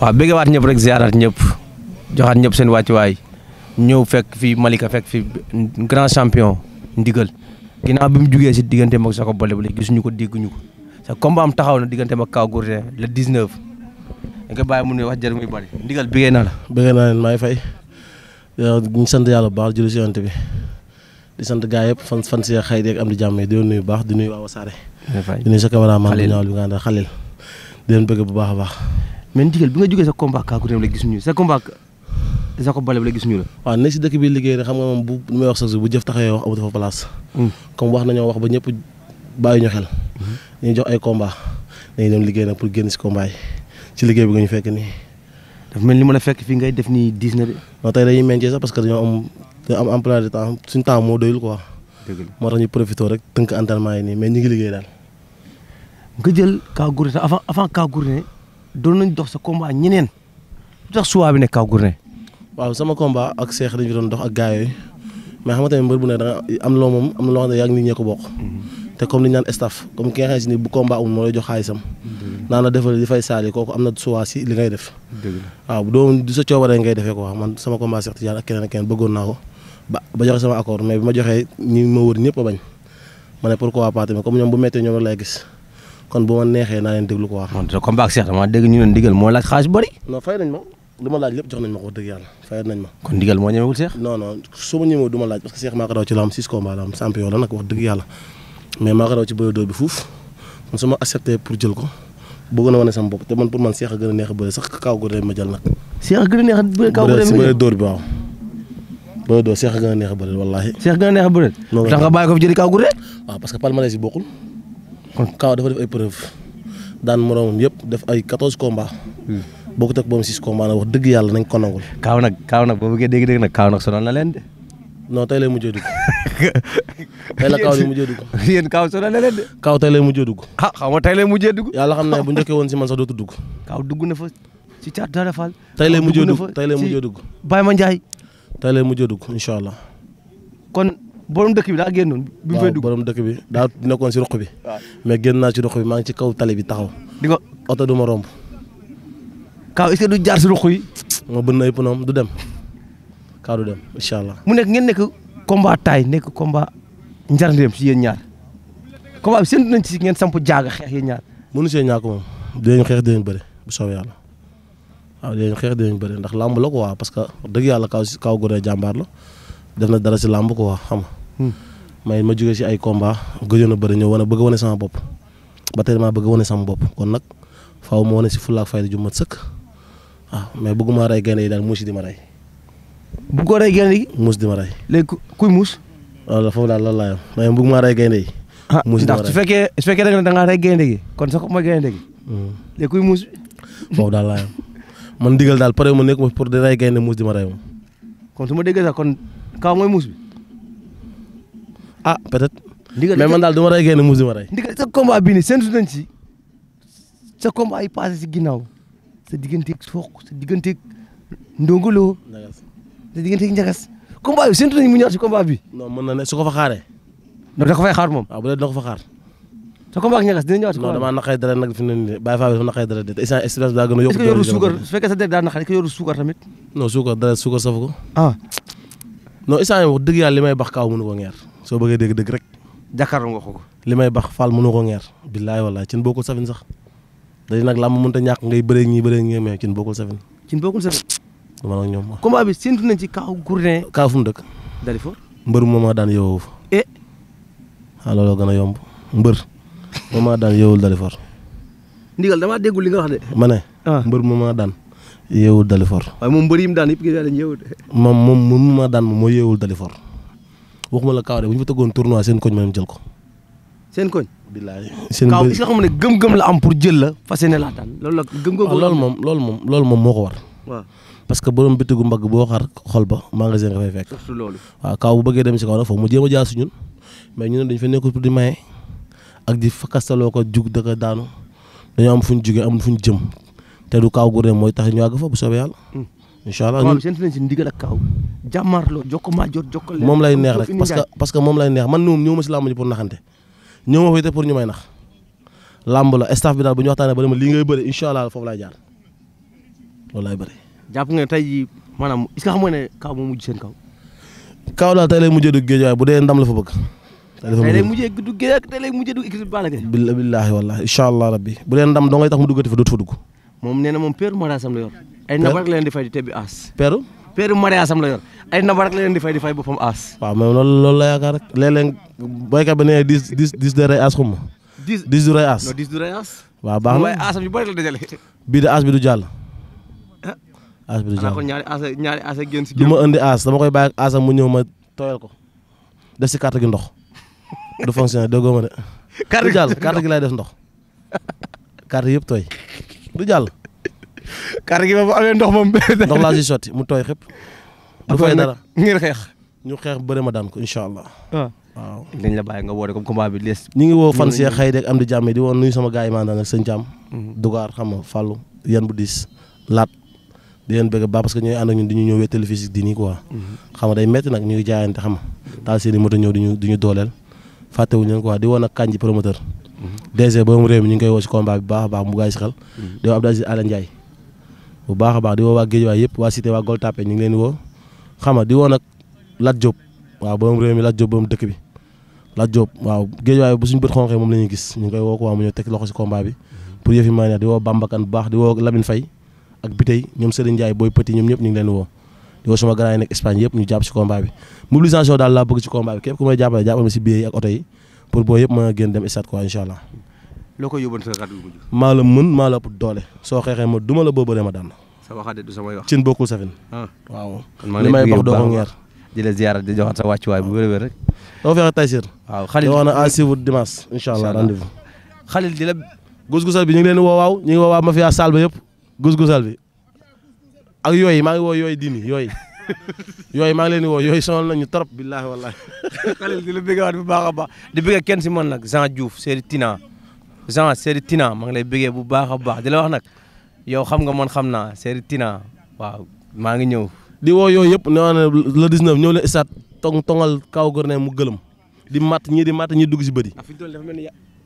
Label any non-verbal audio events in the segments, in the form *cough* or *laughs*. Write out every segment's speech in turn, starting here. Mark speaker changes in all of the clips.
Speaker 1: waaw bëggewaat ñëpp rek ziaraat ñëpp joxaat ñëpp seen wàccuwaay ñëw fekk fi Malika fekk fi grand champion ndigal ginnaaw bi mu jugee si diggante ak Jacob Baldé ba léegi
Speaker 2: gisuñu ko dégguñu ko
Speaker 1: sa combat am taxaw na diggante ak Kaw Gourdin le 19 da nga mu ne wax jër muy bari
Speaker 2: ndigal bëggee naa la. bëggee fay ñu sant yàlla bu baax julli si bi di sant gars yëpp fan fan si xëy rek am di jàmm di nuyu bu baax di nuyu waa sa cameraman bi ñaaw bi nga xam ne xalil leen bëgg bu baax a baax. mais ndigal bi nga jógee sa combat kaaku dem la gisuñu sa combat Jacob Baldé la gisuñu la. waaw ne si dëkk bi liggéey rek xam nga moom bu li may wax sax bu jëf taxawee wax amu dafa place. Mm. comme wax nañoo wax ba ñëpp bàyyi ñu xel. Mm-hmm. dañuy jox ay combat dañuy dem liggéey nag pour génn si combat yi ci liggéey bi nga ñu fekk nii. dafa mel ni ma la fekk fii ngay def nii diis na de. non tey dañuy meññ sax parce que dañoo am dañoo am emploi de temps suñu temps moo doyul quoi. dëgg la moo tax ñu profité rek tënk entraînement yi nii mais ñu ngi liggéey daal. nga jël Kagourine avant avant Kagourine doon nañ dox sa combat
Speaker 1: ñeneen lu tax suwaa bi ne kaw Gourdin.
Speaker 2: waaw sama combat ak Cheikh dañu doon dox ak gars yooyu mais xam nga tamit mbër bu ne da am loo moom am na loo ne yaa ngi ñee ko bokk. Mm-hmm. te comme li naan staff comme ki nga xam bu combat amul moo lay xaalisam. naan la defal li fay saali kooku am na suwaa si li ngay def. waaw bu doon du sa coobare ngay defee quoi man sama combat Cheikh Tidiane ak keneen ak keneen bëggoon naa ko ba ba joxe sama accord mais bi ma joxee ñi ma wër ñëpp a bañ ma ne pourquoi pas tamit comme ñoom bu méttee ñoom lay gis kon boo ma neexee naa leen déglu ko wax.
Speaker 1: moom combat ak ne ndigal moo laaj xaalis bëri.
Speaker 2: non fay nañ ma ko wax dëgg yàlla fay nañ ma. kon ndigal moo ñemewul Cheikh. non non su ma ñemewul du ma laaj parce que Cheikh maa ko daw la am six combats la am champion la nag wax dëgg yàlla mais maa ko daw ci bi fuuf man su ma jël ko bëgg na wane sama bopp te man pour man Cheikh a gën a neex a sax kaw gu rëy ma jël nag. Cheikh a gën a neex a bëre kaw gu rëy Kaaw dafa def ay preuve daan moroomam yëpp def ay quatorze combats. Hmm. bokkut ak boobu six combats nag wax dëgg yàlla nañ ko nangul.
Speaker 1: Kaaw nag Kaaw nag boo bëggee dégg-dégg nag Kaaw nag sonal na leen de.
Speaker 2: non tey lay mujjee dugg. *laughs* tey la Kaaw di mujjee dugg. yéen Kaaw sonal na dugg. ah xaw ma tey lay mujjee dugg. yàlla xam ne bu njëkkee woon si man sax dootu dugg. Kaaw dugg na fa
Speaker 1: ci Thiatou Daouda Fall.
Speaker 2: tey lay mujjee dugg tey lay mujjee dugg. Baye Ma Ndiaye. tey lay dugg incha borom dëkk bi daa génnoon. bi mu bi daa nekkoon si ruq bi. mais génn naa si ruq bi maa ngi ci kaw tali bi taxaw. di ko oto du ma romb. Kaaw est du jaar si ruq yi. ma bëgg na du dem Kaaw du dem incha allah. mu nekk
Speaker 1: ngeen nekk combat taay nekk komba combat njarndeem si yéen ñaar combat bi séntu nañ si ngeen samp jaaga xeex yéen ñaar.
Speaker 2: mënu see ñàkk moom dinañ xeex dinañ bëri bu soobee yàlla waaw dinañ xeex dinañ bëri ndax làmb la ko waa parce que dëgg yàlla kaw kaw gone jàmbaar la def na dara si làmb ko waa xam nga may ma jógee si ay combat gëjoon a bëri wane bëgg wane sama bopp ba tey damaa bëgg wane sama bopp kon nag faaw ma wane si fulla ak fayda ju mat sëkk waaw ah, mais bëgguma gaynde yi daal muus ma rey. bu ko rey ma rey. léegi kuy muus. wala foofu daal loolu laa yem mais bëgguma rey gaynde ah, ma rey ndax su fekkee su da nga da ngaa rey gaynde gi kon sax ma gaynde gi. Hmm. léegi kuy muus. foofu man digal daal pare ma nekk ma pour di rey gaynde muus di
Speaker 1: kon su ma déggee kon kaw
Speaker 2: mooy muus bi. a ah, peut-être. ndigal mais man daal du ma rey génn muus du ma rey. ndigal
Speaker 1: sa combat bii nii séntu nañ ci sa combat yi passé ginnaaw sa digganteeg Sokh sa digganteeg Ndongolo. sa digganteeg Ndiagas. combat yi séntu
Speaker 2: nañ mu ñor si combat bi. non mën na ne su ko fa xaaree. donc da ko fay xaar moom. waaw ah, bu dee dina ko fa xaar. sa combat ak Ndiagas dina ñëwaat. non damaa naqari dara de te instant expérience bi daa gën a yokku. est-ce que yoru suukar su sa dër daa naqari est-ce que yoru suukar tamit. non suukar dara suukar ah. dëgg yàlla may bax kaaw mënu ko ngeer soo bëggee dégg dëgg rek. jàkkaarloo nga ko. li may bax Fall mënu ko ngeer. billaay wallaay cin bokkul safin sax dañu nag làmb mënut ta ñàkk ngay bëree ñii bëree ñii mais cin bokkul safin. cin bokkul safin. dama ñoom. combat bi séntu nañ ci Kaaw Gourdin. Kaaw fu mu dëkk. Dalifort. mbër moom daan yeewoo fa. Eh. Ah, gën a yomb mbër moom maa daan yeewul Dalifort.
Speaker 1: ndigal damaa déggul li nga wax de. ma ne.
Speaker 2: Ah. mbër moom maa daan yeewul Dalifort.
Speaker 1: waaye mbër yi mu daan yëpp gis naa dañu yeewul.
Speaker 2: moom moom moom waxuma la Kaaw de bu ñu fa tëggoon tournoi seen koñ ma dem jël ko.
Speaker 1: seen koñ. bilaay
Speaker 2: seen Kaaw is xam ne gëm-gëm la am pour jël la fas yéene laataan
Speaker 1: loolu la gëm ko. Ah, loolu moom
Speaker 2: loolu moom loolu moom moo ko war. parce que borom bitigu mbagg boo xar xol ba magasin nga fay fekk. Kaaw bu bëggee dem si kaw nag foofu mu a jaar si ñun mais ñun dañu fa nekkul pour di maye ak di fakastaloo ko jug dëkk daanu dañoo am fu ñu jugee am fu ñu jëm te du Kaaw Gourdin mooy tax ñu àgg fa bu soobee yàlla hmm. incha allah ñun
Speaker 1: séntu nañ si ndigal ak kaw jàmmaarloo jokko maa jokko leen moom lay neex rek parce que
Speaker 2: parce que moom lay neex man ñoom ñëw ma si làmb ji pour naxante ñëw ma fi te pour nax làmb la staff bi daal bu ñu waxtaanee ba ne ma lii ngay bëri incha allah foofu laay jaar loolu laay bëri.
Speaker 1: nga tey maanaam est-ce xam nga ne kaw moo mujj seen kaw.
Speaker 2: kaw daal tey lay mujjee dugg géej waaye bu dee ndam la fa bëgg. tey lay
Speaker 1: mujjee dugg géej tey lay mujjee dugg équipe bi baax
Speaker 2: la. billaahi wallaahi incha allah rabbi bu dee ndam doo ngay tax mu duggati fa dootu fa dugg
Speaker 1: moom nee na moom peeru mariage am la yor. ay nabar la leen di fay di tebbi aas. peeru. peeru mariage ay na la leen di fay di fay boppam
Speaker 2: aas. waaw mais loolu la yaakaar rek léeg-léeg béykat bi nee dix dix dix de rey aas xuma. dix dix du rey aas. non
Speaker 1: dix du rey aas.
Speaker 2: waaw baax na waaye aasam yu bëri la dajale. bii de aas bi du jàll. Ah.
Speaker 1: bi du ma indi
Speaker 2: aas dama koy bàyyi ak aasam mu ñëw ma tooyal ko def si carte gi ndox du fonctionné déggoo ma de. *laughs* du jàll carte gi laay def ndox carte yëpp tooy du jàll. kàr gi ba bu amee ndox moom. *laughs* ndox laa si sotti mu tooy xëpp. du fay dara ngir xeex. ñu
Speaker 1: xeex bëri ma daan ko incha allah. Ah. waaw dañ la bàyyi nga woote comme combat bi lees. ñu ngi woo fan see xëy rek
Speaker 2: am di jàmm di woon nuyu sama gars yi maanaam nag sëñ Thiam. Mhm. xam nga Fallou yan bu diis laat. di leen bëgg baax parce que ñooy di ñu ñëw wéttali physique di nii quoi. Mhm. xam nga day métti nag ñuy jaayante xam nga. taal seen i moto ñëw di ñu di ñu dooleel. fàttewuñu ko quoi di woon ak Kanji promoteur DG borom réew mi ñu ngi koy woo si combat bi bu baax a baax mu bàyyi si xel. Mm-hmm. di woo Abdou Aziz Ala Ndiaye bu baax a baax di woo waa Guédiawaye yëpp waa Cité waa ngi leen di woo xam nga di nag Lat Diop waaw borom réew mi Lat Diop borom dëkk bi Lat Diop waaw Guédiawaye bu suñu bët xonqee moom la gis ñu ngi koy woo ko waa mu ñëw teg loxo si combat bi mm-hmm. pour yëf may neex di woo Bambakan bu baax di woo Lamine Faye ak Bitey ñoom Serigne Ndiaye Boy Petit ñoom ñëpp ñu leen di woo di woo sama grand yi nekk Espagne yëpp ñu jàpp si combat bi mobilisation daal laa bëgg si combat bi képp pour boo yëpp mën a génn dem stade quoi incha allah.
Speaker 1: loo koy yóbbu sa kàddu gu mujj.
Speaker 2: maa la mën maa la ëpp doole soo xeexee ma duma la boo bëree ma daan.
Speaker 1: sa waxaate du samay wax. cin bokkul safin. Ah. waaw li may wax doo ko ngeer di la ziyaara di
Speaker 2: joxaat sa wàccuwaay bu wér-wér rek. doo fexe Taysir. di wax na à suivre dimanche. incha allah rendez-vous. Khalil di la. gus-gusal bi ñu ngi leen di woo waaw ñu ngi woo waa mafia salle ba yëpp gus-gusal bi ak yooyu maa ngi woo yooyu dini yooyu *laughs* yooyu maa leen di woo yooyu sonal nañu trop billaahi wallaahi *laughs* xalil di la bëgg waat bu baax a baax di bëgg kenn si man nag Jean Diouf Seri Tina
Speaker 1: Jean Seri Tina maa ngi lay bëggee bu baax a baax di la nag yow xam nga man xam naa
Speaker 2: Seri Tina waaw maa ngi ñëw di woo yooyu yëpp nee la le 19 ñëw leen istat tong tongal kaw gor ne mu gëlëm di matt ñii di matt ñii dugg si bëri ah,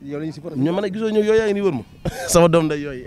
Speaker 2: yow lañu si par ñoom man a gisoo ñëw yooyu yaa ngi nii wër ma *laughs* sama doom day yooyu